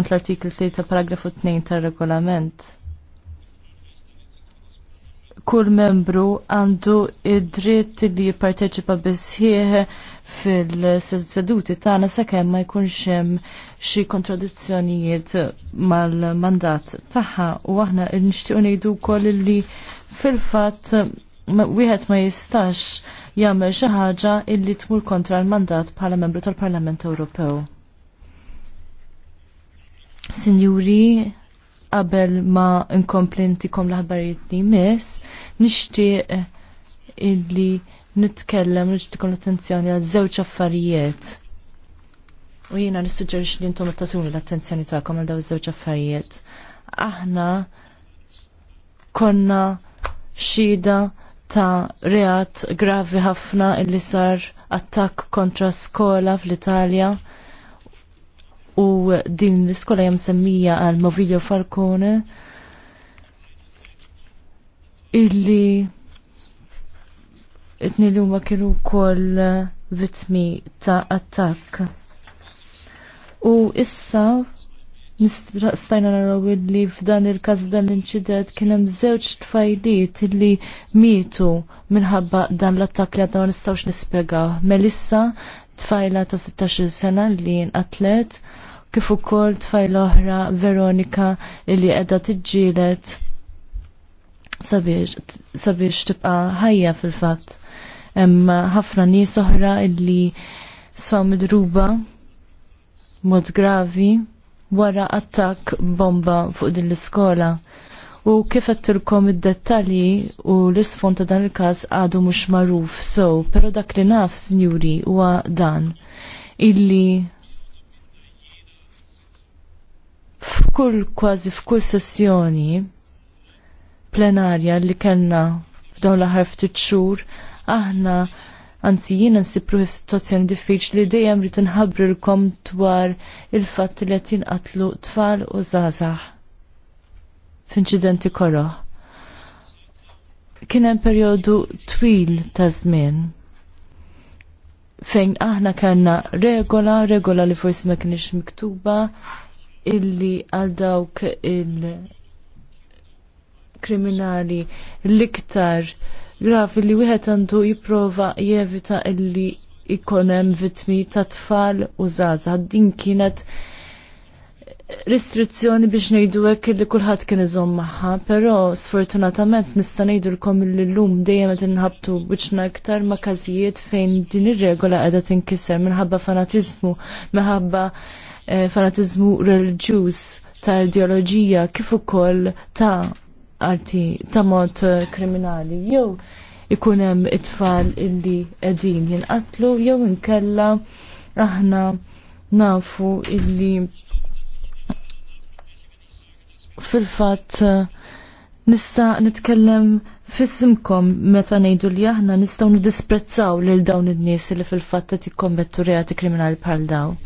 għant l-artiklu 3 ta' paragrafu 2 ta' regolament. Kull membru għandu id-dritt li jipparteċipa bisħieħ fil-seduti tagħna sakemm ma jkunx hemm xi kontradizzjonijiet mal-mandat tagħha u aħna nixtiequ ngħidu wkoll li fil-fatt wieħed ma jistax jagħmel xi ħaġa illi tmur kontra l-mandat bħala membru tal-Parlament Ewropew. Sinjuri, qabel ma nkomplentikom l-ħabarijiet li mis, nixtieq eh, illi nitkellem nixtikom l-attenzjoni għal żewġ affarijiet. U jiena nissuġġerix li intom tatuni l-attenzjoni tagħkom għal daw iż-żewġ affarijiet. Aħna konna xhieda ta' reat gravi ħafna illi sar attakk kontra skola fl-Italja din l-iskola jam semmija għal Movilio Falcone illi itni l kienu wkoll vitmi ta' attakk. U issa nistajna naraw illi f'dan il-każ dan l-inċident kien hemm żewġ tfajliet illi mietu minħabba dan l-attakk li għadna ma nistgħux nispjegaw. Melissa tfajla ta' 16 sena li nqatlet kif ukoll tfajl oħra Veronika illi qiegħda tiġġielet sabiex tibqa' ħajja fil-fatt. Hemm ħafna nies oħra illi sfaw midruba mod gravi wara attakk bomba fuq din l-iskola. U kif għattilkom id-dettalji u l-isfond ta' dan il-kas għadu mux maruf, so, pero dak li naf, sinjuri, huwa dan. Illi f'kull kważi f'kull sessjoni plenarja li kellna f'dawn l-aħħar ftit xhur aħna anzi jiena nsibru f'sitwazzjoni diffiċli dejjem rrid inħabbrilkom dwar il-fatt li qed jinqatlu tfal u żgħażagħ f'inċidenti koroħ. Kien hemm perjodu twil ta' żmien fejn aħna kellna regola, regola li forsi ma kienx miktuba, illi għal dawk il-kriminali l-iktar grafi li wieħed għandu jipprova jevita illi ikonem vitmi ta' tfal u zaza. Din kienet restrizzjoni biex ngħidu hekk li kulħadd kien iżomm magħha, però sfortunatament nista' lkom li llum dejjem qed inħabtu biċna iktar ma' każijiet fejn din ir-regola qiegħda tinkiser minħabba fanatiżmu, minħabba eh, fanatiżmu reliġjuż ta' ideoloġija kif ukoll ta' arti ta' mod eh, kriminali. Jew ikun hemm it-tfal illi qegħdin jinqatlu jew inkella aħna nafu illi fil-fatt nista' nitkellem fissimkom meta ngħidu li aħna nistgħu nidisprezzaw lil dawn in-nies li fil-fatt qed jikkommettu reati kriminali bħal dawn.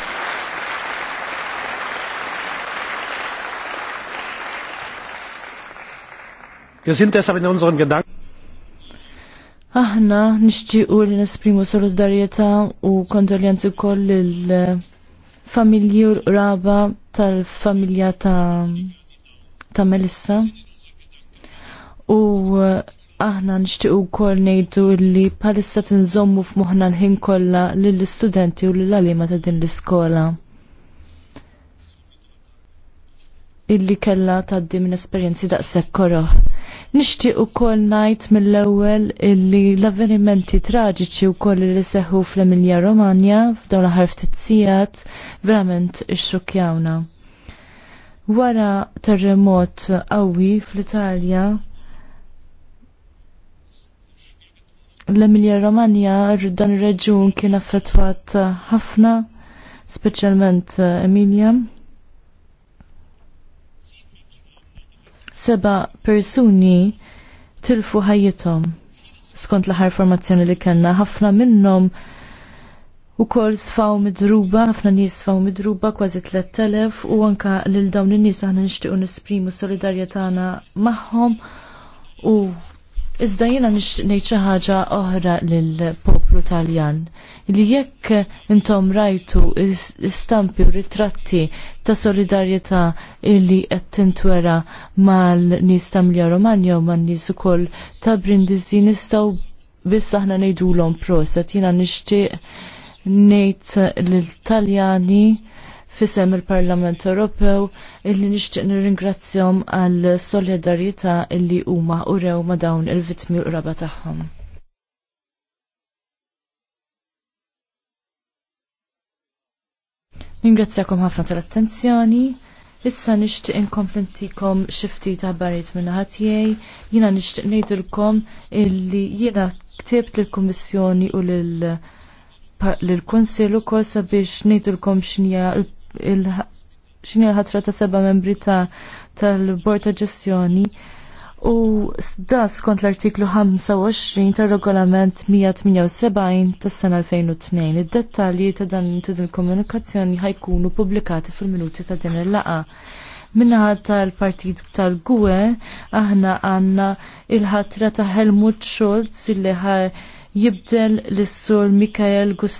Aħna nixtiequ li nesprimu solidarjetà u kondoljenzi wkoll lill familji u raba tal-familja ta' ta' Melissa. U uh, aħna nixtiequ wkoll ngħidu li bħalissa tinżommu f'moħħna l-ħin kollha lill-istudenti u lill-għalima ta' din l-iskola. illi kella tgħaddi minn esperienzi daqshekk koroħ. Nixtieq ukoll ngħid mill-ewwel illi l-avvenimenti traġiċi wkoll li seħħu fl-Emilja Romagna f'dawn l-ħarf tizzijat verament ixxukjawna. Wara terremot qawwi fl-Italja l-Emilia Romagna dan ir-reġun kien affettwat ħafna, speċjalment Emilia. seba persuni tilfu ħajjithom. Skont l-ħar formazzjoni li kellna, ħafna minnhom u kol sfaw midruba, ħafna nies sfaw midruba kważi 3000 u anka lil dawn in-nies aħna nixtiequ nisprimu solidarjetana magħhom u iżda jiena ngħid xi ħaġa oħra lill-poplu Taljan li jekk intom rajtu istampi u ritratti ta' solidarjetà illi qed tintwera mal-nies ta' Mlija Romagna u man-nies ukoll ta' Brindisi nistgħu nejdu aħna ngħidulhom proset jiena nishtiq nejt l-Taljani fisem il-Parlament Ewropew illi nixtieq nirringrazzjom għal solidarjetà illi huma urew ma' dawn il-vittmi u raba tagħhom. Ningrazzjakom ħafna tal-attenzjoni. Issa nixtieq inkomplentikom xi ftit aħbarijiet minn ħatijaj, jiena nixtieq ngħidilkom illi jiena ktibt lill-Kummissjoni u lill- l-Konsil ukoll sabiex ngħidulkom x'inja l-ħatra ta' seba' membri ta' tal-Bord ta' Ġestjoni u da skont l-artiklu 25 tar-regolament 178 tas-sena 2002. Id-dettalji ta' dan il-komunikazzjoni ħajkunu pubblikati fil-minuti ta' din il-laqa Minna tal-partit tal-Gwe aħna għanna il-ħatra ta' Helmut Schulz illi jibdel l-sur Mikael Gustavo.